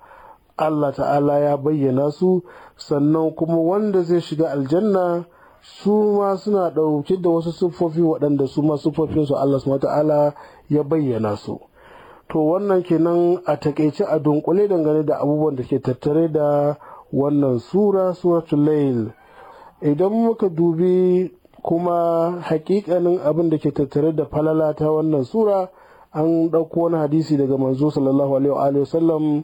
Speaker 7: Allah ta'ala ya bayyana su sannan kuma wanda zai shiga aljanna su ma suna ɗauke da wasu siffofi waɗanda su ma siffofinsu Allah su ta'ala ya bayyana su to wannan kenan a takaice a dunkule dangane da abubuwan da ke tattare da wannan sura suratul layl idan muka dubi kuma hakikanin abin da ke tattare da falala ta wannan sura an ɗauko wani hadisi daga manzo sallallahu alaihi wa sallam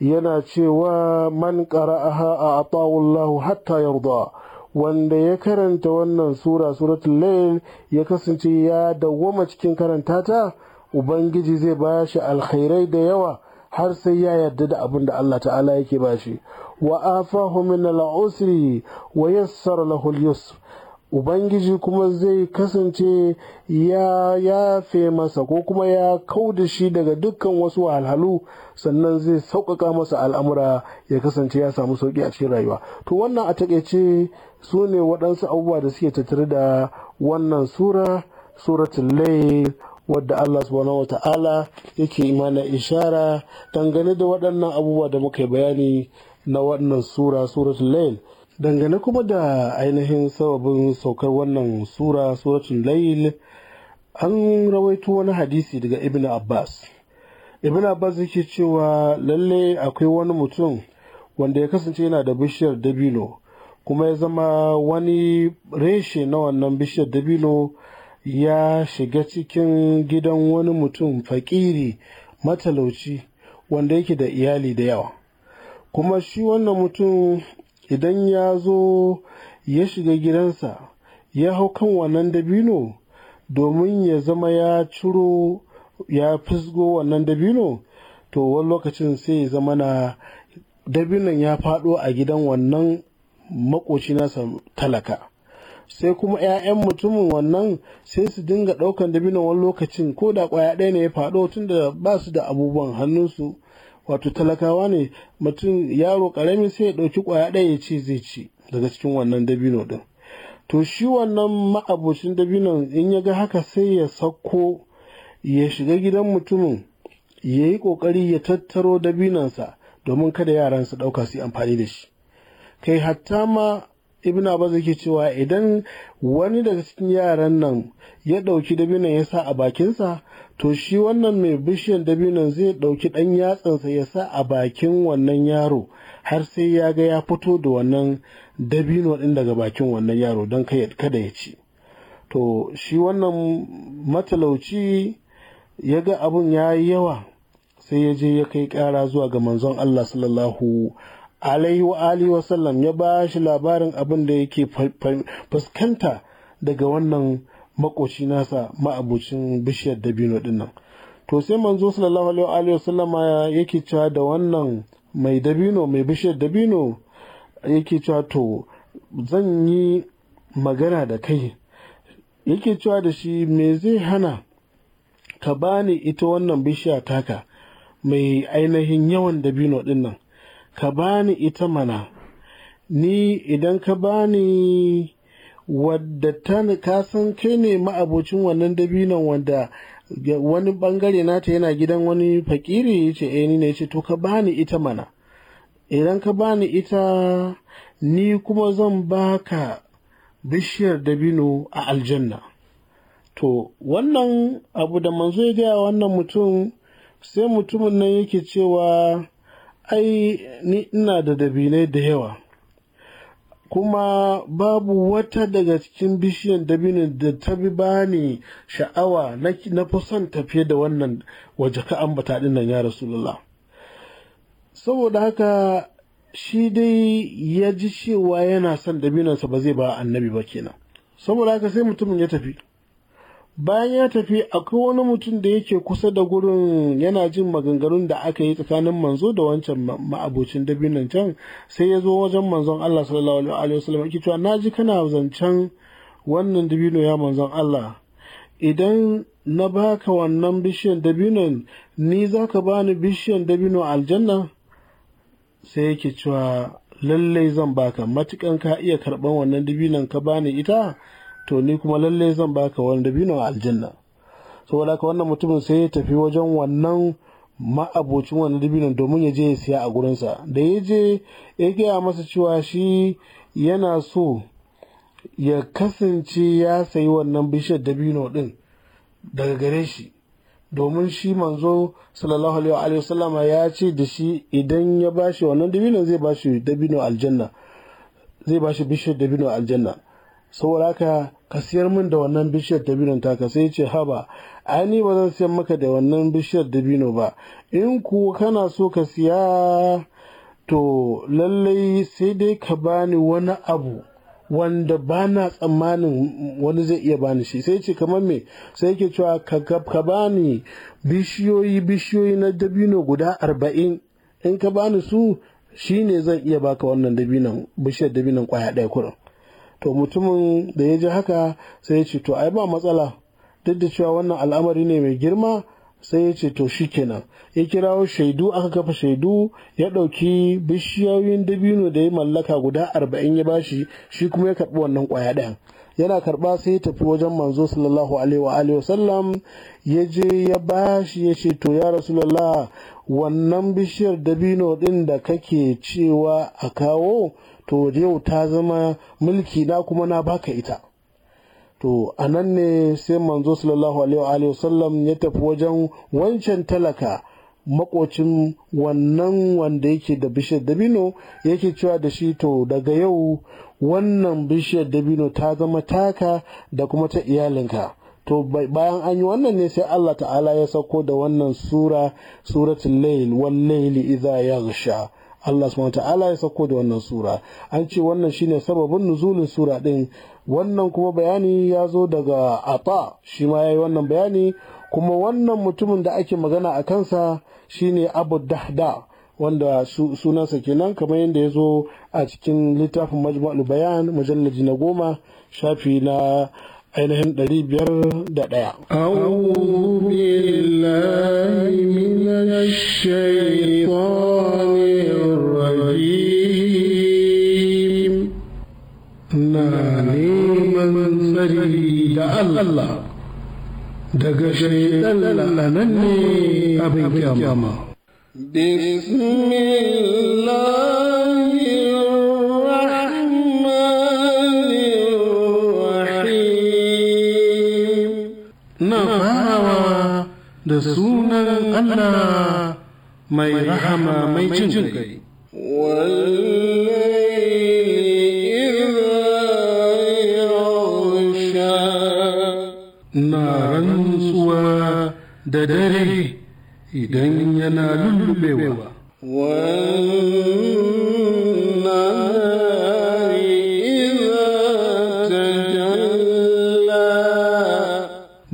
Speaker 7: yana cewa man qara'aha a ata'ullahu hatta yarda wanda ya karanta wannan sura suratul layl ya kasance ya dawwama cikin karanta ta ubangiji zai ba shi alkhairai da yawa har sai ya yarda da abin da Allah ta'ala yake ba shi wa afahu min al'usri wa yassara lahu al ubangiji kuma zai kasance ya yafe masa ko kuma ya kau da shi daga dukkan wasu wahalhalu sannan zai sauƙaƙa masa al'amura ya kasance ya samu sauƙi a cikin rayuwa to wannan a taƙaice su ne waɗansu abubuwa da suke tattare da wannan sura suratul layl wadda Allah subhanahu wa ta'ala yake imana ishara dangane da waɗannan abubuwa da muka bayani na wannan sura suratul layl dangane kuma da ainihin sababin saukar wannan sura suratun layil an rawaito wani hadisi daga ibn abbas ibn abbas yake cewa lalle akwai wani mutum wanda ya kasance yana da bishiyar dabino kuma ya zama wani reshe na wannan bishiyar dabino ya shiga cikin gidan wani mutum fakiri matalauci wanda yake da iyali da yawa kuma shi wannan mutum idan ya zo ya shiga gidansa ya hau kan wannan dabino domin ya zama ya ciro ya fisgo wannan dabino to wani lokacin sai ya zama na dabinon ya faɗo a gidan wannan makoci nasa talaka sai kuma 'ya'yan mutumin wannan sai su dinga ɗaukan dabinon wani lokacin ko da ƙwaya ɗaya ne ya faɗo tun da ba su da abubuwan hannunsu wato talakawa ne mutum yaro karami sai ya ɗauki ƙwaya ɗaya ya ce zai ci daga cikin wannan dabino ɗin to shi wannan ma'abocin dabinon in ya ga haka sai ya sako ya shiga gidan mutumin ya yi ƙoƙari ya tattaro dabinonsa domin kada yaran su ɗauka su yi amfani da shi kai hatta ma ibn abbas yake cewa idan wani daga cikin yaran nan ya ɗauki dabinon ya sa a bakinsa to shi wannan mai bishiyar dabinon zai ɗauki ɗan yatsansa ya sa a bakin wannan yaro har sai ya ga ya fito da wannan dabino ɗin daga bakin wannan yaro don kada ya ci to shi wannan matalauci ya ga abin ya yi yawa sai ya je ya kai ƙara zuwa ga manzon Allah sallallahu alaihi wa alihi wasallam ya ba shi labarin abin da yake fuskanta daga wannan makoci nasa ma'abucin bishiyar dabino din nan to sai manzo sallallahu alaihi wasallama yake cewa da wannan mai dabino mai bishiyar dabino yake cewa to zan yi magana da kai yake cewa da shi me zai hana ka bani ita wannan bishiya taka mai ainihin yawan dabino din nan ka bani ita mana ni idan ka bani wadda ta kasan kai ne ma'abocin wannan dabinon wanda wani bangare nata yana gidan wani fakiri ya ce eh ni ne ce to ka bani ita mana idan ka bani ita ni kuma zan baka bishiyar dabino a aljanna to wannan abu da manzo ya gaya wannan mutum sai mutumin nan yake cewa ai ni ina da dabinai da yawa kuma babu wata daga cikin bishiyan dabinin da ta bi bani sha'awa na fusan tafiye da wannan waje ka ambata din nan ya rasulullah saboda haka shi dai ya ji cewa yana son dabinansa ba zai ba annabi ba kenan saboda haka sai mutumin ya tafi bayan ya tafi akwai wani mutum da yake kusa da gurin yana jin maganganun da aka yi tsakanin manzo da wancan ma'abocin dabinan can sai ya zo wajen manzon Allah sallallahu alaihi wasallam yake cewa naji kana zancen wannan dabino ya manzon Allah idan na baka wannan bishiyan dabinon ni za zaka bani bishiyan dabino aljanna sai yake cewa lallai zan baka matukan ka iya karban wannan dabinon ka bani ita to ni kuma lalle zan baka wani dabino a aljanna saboda haka wannan mutumin sai ya tafi wajen wannan ma'abocin wannan dabinon domin ya je ya siya a gurinsa da ya je ya gaya masa cewa shi yana so ya kasance ya sayi wannan bishiyar dabino din daga gare shi domin shi manzo sallallahu alaihi wa ya ce da shi idan ya bashi wannan dabino zai bashi dabino aljanna zai bashi bishiyar dabino aljanna saboda haka ka siyar min da wannan bishiyar dabinon taka sai ce haba ani ba zan siyar maka da wannan bishiyar dabino ba in ku kana so ka siya to lallai sai dai ka bani wani abu wanda ba na tsammanin wani zai iya bani shi sai ce kamar me sai yake cewa ka bani bishiyoyi bishiyoyi na dabino guda arba'in in ka bani su shine zan iya baka wannan dabinon bishiyar dabinon kwaya ɗaya kurin to mutumin da ya ji haka sai ya ce to ai ba matsala duk da cewa wannan al'amari ne mai girma sai ya ce to shi kenan ya kirawo shaidu aka kafa shaidu ya ɗauki bishiyoyin dabino da ya mallaka guda arba'in ya bashi shi kuma ya karɓi wannan ƙwaya ɗayan yana karɓa sai ya tafi wajen manzo sallallahu alaihi wa alihi sallam, ya je ya bashi ya ce to ya rasulullah wannan bishiyar dabino ɗin da kake cewa a kawo to yau ta zama mulki na kuma na baka ita to a nan ne sai manzo sallallahu alaihi wa sallam ya tafi wajen wancan talaka makocin wannan wanda yake da bishiyar dabino yake cewa da shi to daga yau wannan bishiyar dabino ta zama taka da kuma ta iyalinka to bayan an yi wannan ne sai Allah ta'ala ya sauko da wannan sura suratul layl wal layli idha yaghsha Allah subhanahu ta'ala ya sauko da wannan sura an ce wannan shine sababin nuzulin sura din wannan kuma bayani ya zo daga ata shi ma yi wannan bayani kuma wannan mutumin da ake magana a kansa shine Abu Dahda wanda sunansa kenan kamar yadda ya zo a cikin littafin majmalu bayan mujallaji na goma shafi na ainihin ɗari biyar da ɗaya. أعوذ الرجيم na من سري الله daga shaidan lalanan ne abin na
Speaker 12: Bismillahirrahmanirrahim
Speaker 8: da sunan Allah
Speaker 7: mai rahama mai cin kai. na rantsuwa da dare idan yana lullubewa.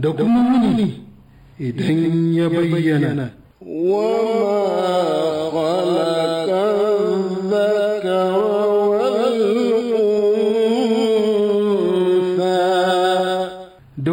Speaker 7: da kuma muni idan ya bayyana. Wa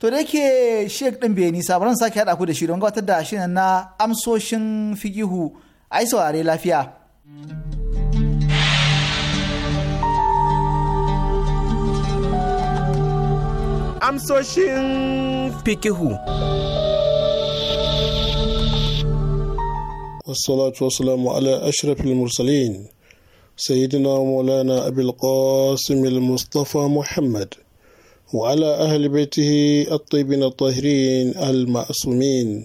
Speaker 3: to da yake sheik ɗin bai nisa sake haɗa ku da shi don gabatar da shirin na amsoshin fikihu ai saurare lafiya.
Speaker 11: amsoshin fikihu.
Speaker 7: Wassalatu wassalamu ala ashrafil mursalin sayyidina maulana abil qasim al-mustafa Muhammad وعلى أهل بيته الطيبين الطاهرين المأسومين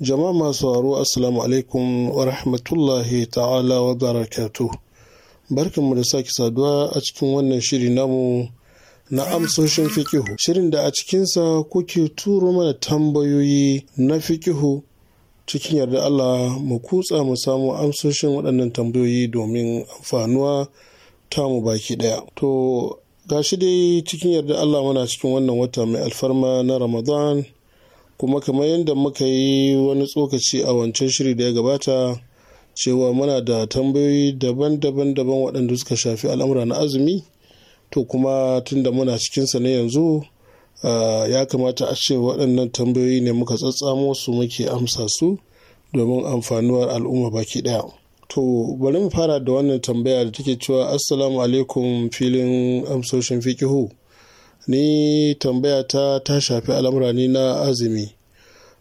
Speaker 7: جماعة ما سواروا السلام عليكم ورحمة الله تعالى وبركاته barkan mu da sake saduwa a cikin wannan shiri namu na amsoshin fikihu shirin da a cikinsa kuke turo mana tambayoyi na fikihu cikin yarda Allah mu kutsa mu samu amsoshin waɗannan tambayoyi domin amfanuwa tamu baki ɗaya to Ga shi dai cikin yarda Allah muna cikin wannan wata mai alfarma na Ramadan kuma kamar yadda muka yi wani tsokaci a wancan shiri da ya gabata cewa muna da tambayoyi daban-daban daban waɗanda suka shafi al'amura na azumi to kuma tunda muna cikinsa na yanzu ya kamata a ce waɗannan tambayoyi ne muka tsatsamo su muke amsa su domin amfanuwar al'umma baki ɗaya. To bari mu fara da wannan tambaya da take cewa Assalamu alaikum filin amsoshin fikihu. Ni tambaya ta ta shafi al'amura ni na azumi.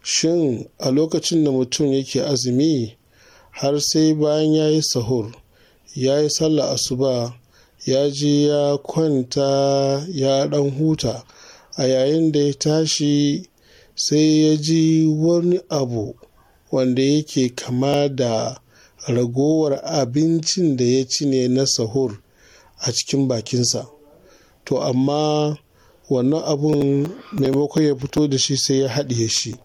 Speaker 7: Shin a lokacin da mutum yake azumi har sai bayan ya yi sahur, ya yi sallah asuba, ya ji ya kwanta ya ɗan huta a yayin da ya tashi sai ya ji wani abu wanda yake kama da ragowar abincin da ya ci ne na sahur a cikin bakinsa to amma wannan abun maimakon ya fito da shi sai ya haɗiye shi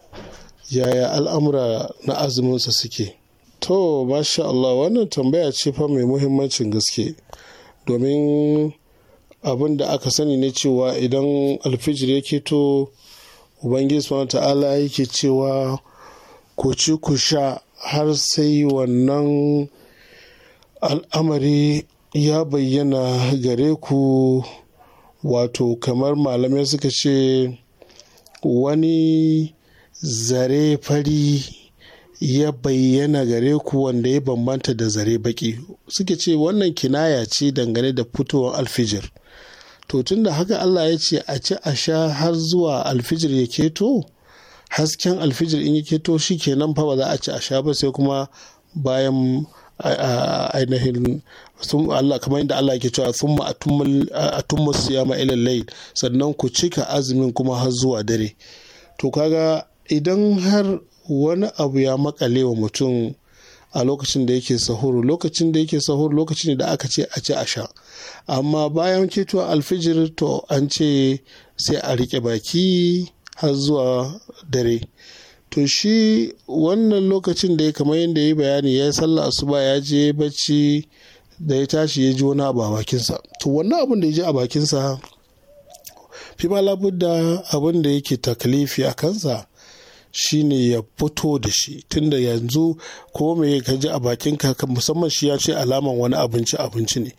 Speaker 7: yaya al'amura na azuminsa suke to masha Allah wannan tambaya ce fa mai muhimmancin gaske domin abin da aka sani na cewa idan alfijir ya keto ubangiji subhanahu ta'ala yake cewa ku ci ku sha har sai wannan al'amari ya bayyana gare ku wato kamar malamai suka ce wani zare fari ya bayyana gare ku wanda ya bambanta da zare baki suke ce wannan kinaya ce dangane da fitowar alfijir to tun da haka allah ya ce a ci a sha har zuwa alfijir ya keto hasken alfijir in ya keto shi kenan fa ba za a ci a sha ba sai kuma bayan ainihin Allah kamar yadda Allah ke cewa sun atumma siyama ilal layl sannan ku cika azumin kuma har zuwa dare to kaga idan har wani abu ya makale wa mutum a lokacin da yake sahuru lokacin da yake sahuru lokacin da aka ce a ci a sha amma bayan ketuwa alfijir to an ce sai a rike baki har zuwa dare to shi wannan lokacin da ya kamar yadda ya bayani ya yi sallah asuba ya je bacci da ya tashi ya ji wani abu a bakinsa to wannan abin da ya ji a bakinsa fi ma labudda abin da yake taklifi a kansa shine ya fito da shi tunda yanzu ko me ka ji a bakinka musamman shi ya ce alaman wani abinci abinci ne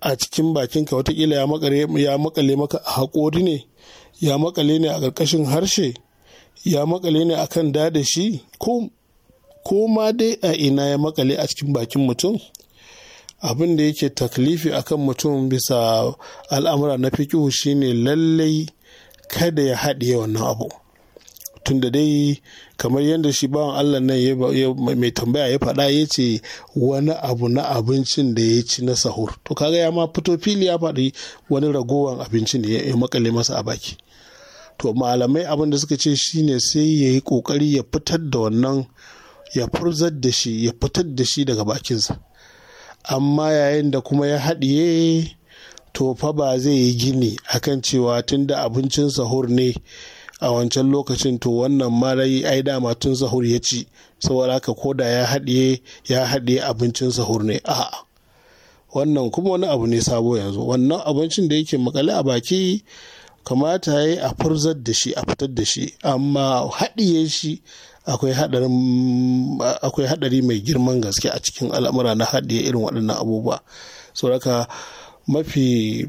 Speaker 7: a cikin bakinka watakila ya makale maka a haƙori ne ya makale ne a ƙarƙashin harshe ya makale ne a kan shi ko ma dai a ina ya makale a cikin bakin mutum abin da yake taklifi akan mutum bisa al'amura na fikihu shine lallai kada ya haɗiye wannan abu tunda dai kamar yadda shi bawan allah nan mai tambaya ya faɗa ya ce wani abu na abincin da ya ci na sahur to kaga ya ma fito fili ya faɗi wani ragowar abincin da ya makale masa a baki to malamai abin da suka ce shine sai ya yi kokari ya fitar da wannan ya furzar da shi ya fitar da shi daga bakinsa amma yayin da kuma ya haɗiye to fa ba zai yi gini akan cewa tunda abincin sahur ne a wancan lokacin to wannan marayi ai dama tun sahur ya ci saboda haka ko da ya haɗiye ya haɗiye abincin sahur ne a'a wannan kuma wani abu ne sabo yanzu wannan abincin da yake makale a baki kamata ya yi a furzar da shi a fitar da shi amma haɗiye shi akwai haɗari mai girman gaske a cikin al'amura na haɗiye irin waɗannan abubuwa saboda mafi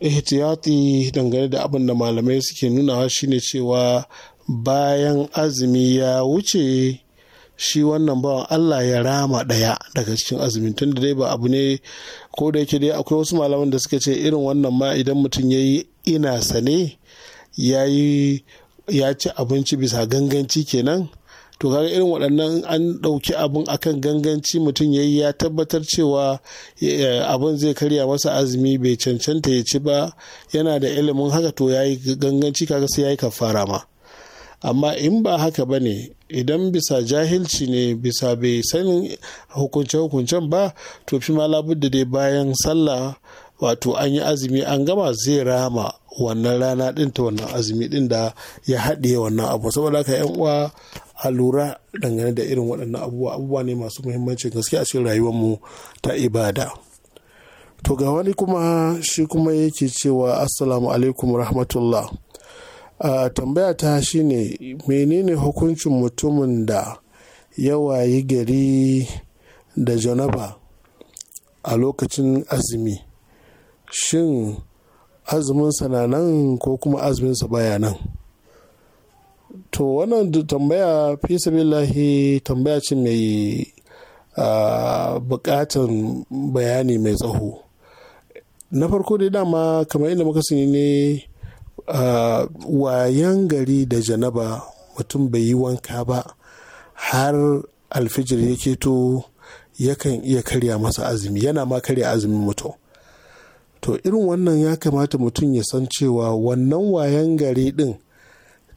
Speaker 7: ihtiyati dangane da abin da malamai suke nunawa shine cewa bayan azumi ya wuce shi wannan bawan Allah ya rama ɗaya daga cikin azumin tun da dai ba abu ne ko da yake dai akwai wasu malaman da suka ce irin wannan ma idan mutum ya yi ina sane ya ci abinci bisa ganganci kenan to kaga irin waɗannan an ɗauki abun akan ganganci mutum ya yi ya tabbatar cewa abin zai karya masa azumi bai cancanta ya ci ba yana da ilimin haka to ya yi ganganci kaga sai ya yi kafara ma amma in ba haka ba ne idan bisa jahilci ne bisa bai sanin hukunce-hukuncen ba to fi ma labudda dai bayan sallah wato an yi azumi an gama zai rama wannan rana din ta wannan azumi din da ya haɗe wannan abu saboda haka yan uwa a lura dangane da irin waɗannan abubuwa abubuwa ne masu muhimmanci gaske a cikin rayuwarmu ta ibada to ga wani kuma shi kuma yake cewa assalamu alaikum rahmatullah a tambaya ta shine menene hukuncin mutumin da ya wayi gari da janaba a lokacin azumi shin azuminsa na nan ko kuma azuminsa baya nan to wannan tambaya fi sabillahi tambaya ce mai bukatan bayani mai tsaho na farko dai dama kamar inda muka sani ne wayan gari da janaba mutum bai yi wanka ba har alfijir yake to yakan iya karya masa azumi yana ma karya azumin mutum to irin wannan ya kamata mutum ya san cewa wannan wayan gari din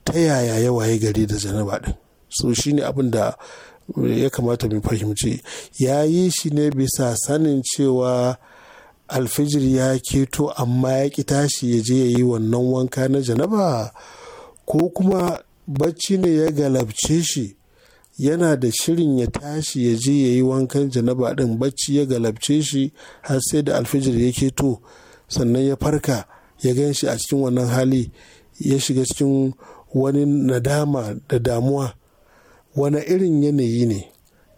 Speaker 7: ta yaya ya waye gari da janaba din so ne abin da eh, ya kamata mu fahimci ya yi shi ne bisa sanin cewa alfijir ya keto amma ya ki tashi ya je ya yi wannan wanka na janaba ko kuma bacci ne ya galabce shi yana da shirin ya tashi ya je ya yi wankan janaba din bacci ya galabce shi har sai da alfijir ya keto sannan ya farka ya gan shi a cikin wannan hali ya shiga cikin wani nadama da damuwa wani irin yanayi ne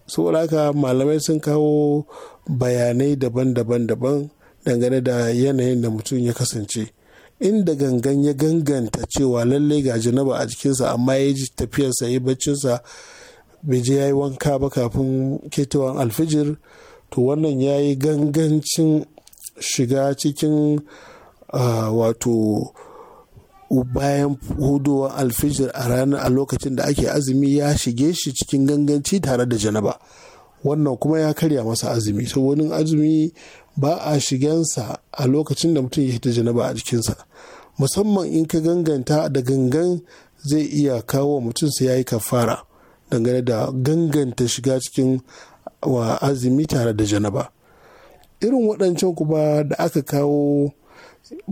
Speaker 7: saboda haka malamai sun kawo bayanai daban-daban daban dangane da yanayin da mutum ya kasance inda gangan ya ganganta cewa lallai ga janaba a jikinsa amma ya ji tafiyarsa ya baccinsa bai je ya yi wanka ba kafin ketewan alfijir to wannan ya yi gangancin shiga cikin ah, wato bayan hudowar alfijir a ranar a lokacin da ake azumi ya shige shi cikin ganganci tare da janaba wannan kuma ya karya masa azumi saboda azumi ba a shigensa a lokacin da mutum ya hita janaba a jikinsa musamman in ka ganganta da gangan zai iya kawo mutum sai ya yi kafara dangane da ganganta shiga cikin wa azumi tare da janaba irin waɗancan kuma da aka kawo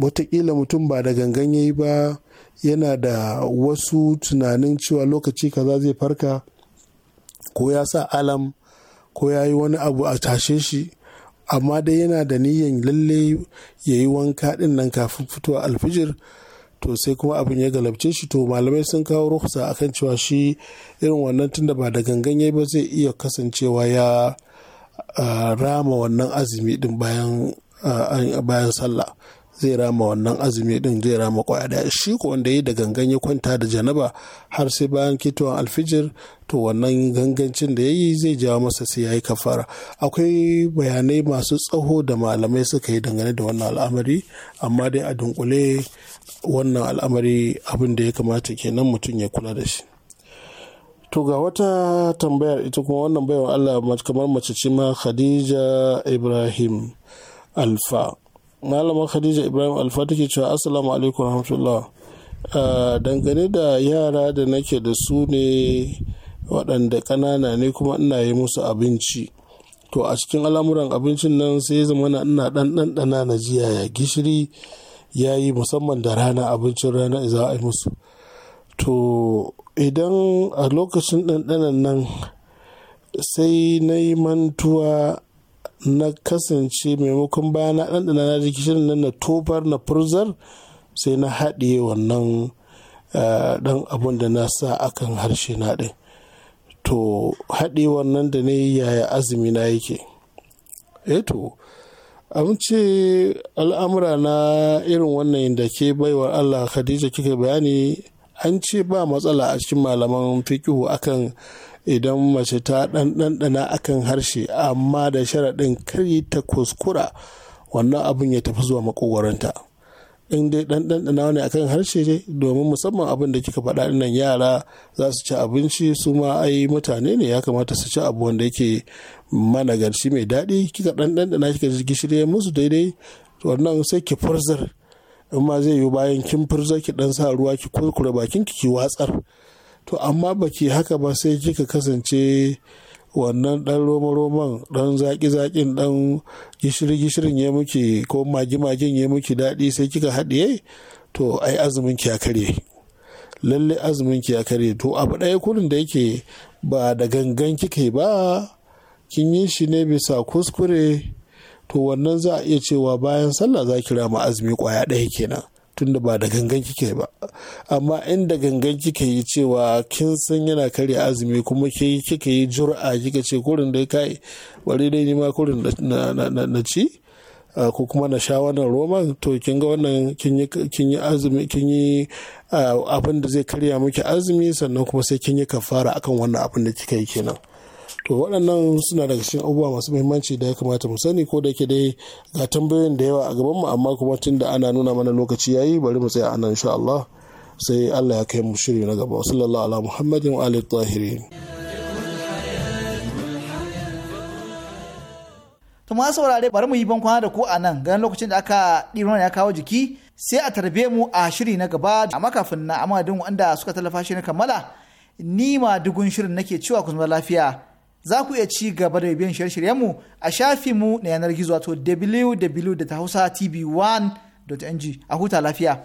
Speaker 7: watakila mutum ba da gangan ya yi ba yana da wasu tunanin cewa lokaci kaza zai farka ko ya sa alam ko ya yi wani abu a tashe shi amma dai yana da niyan lalle ya yi wanka din nan kafin fitowa alfijir to sai kuma abin ya galabce shi to malamai sun kawo a akan cewa shi irin wannan tunda ba da gangan ya ba zai iya kasancewa ya ah, rama wannan azumi din ah, bayan sallah zai rama wannan azumi din zai rama kwaya daya shi ko wanda ya da gangan ya kwanta da janaba har sai bayan kitowar alfijir to wannan gangancin da ya yi zai jawo masa sai ya yi kafara akwai bayanai masu tsaho da malamai suka yi dangane da wannan al'amari amma dai a dunkule wannan al'amari abin da ya kamata kenan mutum ya kula da shi to ga wata tambayar ita kuma wannan baiwa Allah kamar mace ce ma Khadija Ibrahim Alfa malama khadija ibrahim alfa take cewa assalamu alaikum rahmatullah ah, dangane da yara da nake da su ne waɗanda ƙanana ne kuma ina yi musu abinci to a cikin al'amuran abincin nan sai zama ina ɗan ɗanɗana na jiya ya gishiri ya yi musamman da rana abincin rana za a yi musu to idan a lokacin ɗanɗanan nan sai na yi mantuwa na kasance maimakon bayan na ɗanɗana na ji gishirin nan na tofar na furzar sai na haɗiye wannan eh, ɗan abun da na sa akan harshe na ɗin to haɗe wannan da ne yaya azumi na yake eto eh an ce al'amura na irin wannan da ke baiwar allah khadija kika bayani an ce ba matsala a cikin malaman fikihu akan idan mace ta ɗanɗana akan harshe amma da sharaɗin karyi ta kuskura wannan abin ya tafi zuwa makogwaranta in dai dan dandana a akan harshe ne domin musamman abin da kika faɗa nan yara za su ci abinci su ma ai mutane ne ya kamata su ci abu wanda yake mana garshi mai daɗi kika dan dandana kika gishiri musu daidai wannan sai ki furzar in ma zai yi bayan kin furzar ki dan sa ruwa ki kurkure bakin ki ki watsar to amma baki haka ba sai kika kasance wannan dan roma-roman dan zaki-zakin dan gishiri-gishirin ya muke ko magi-magin ya muke daɗi sai kika haɗiye to ai azumin ki ya karye lalle azumin ki ya kare to abu ɗaya kurin da yake ba da gangan kika ba kin yi shi ne bisa kuskure to wannan za a iya cewa bayan sallah za ki rama azumi kwaya ɗaya kenan tunda ba da gangan kike ba amma inda gangan kike yi cewa kin san yana karya azumi kuma ke kike yi jur'a kika ce kurin da kai bari dai ni ma kurin na ci ah, ko kuma na sha wannan roman to kin ga wannan kin yi azumi kin yi ah, abin da zai karya miki azumi sannan kuma sai kin yi kafara akan wannan abin da kika yi kenan to waɗannan suna daga cikin abubuwa masu muhimmanci da ya kamata mu sani ko da yake dai ga tambayoyin da yawa a gaban mu amma kuma tun da ana nuna mana lokaci yayi bari mu tsaya anan insha Allah sai Allah ya kai mu shiri na gaba sallallahu ala muhammadin wa alihi tahirin
Speaker 3: to ma saurare bari mu yi ban kwana da ku a nan ganin lokacin da aka ɗiro ya kawo jiki sai a tarbe mu a shiri na gaba a makafin na amadin wanda suka tallafa shi na kammala ni ma dugun shirin nake cewa zama lafiya za ku iya ci gaba da biyan shirye-shiryenmu a mu na yanar gizo wato www.hausatv1.ng a huta lafiya.